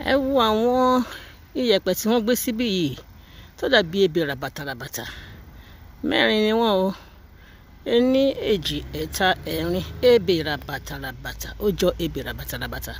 ẹ wo àwọn iyẹ̀pẹ̀ tí wọ́n gbé síbí yìí tó dàbí ebè ràbàtà ràbàtà mẹ́rin ni wọ́n o ení èjì ẹ̀ta ẹ̀rin ebè ràbàtà ràbàtà ó jọ ebè ràbàtà ràbàtà.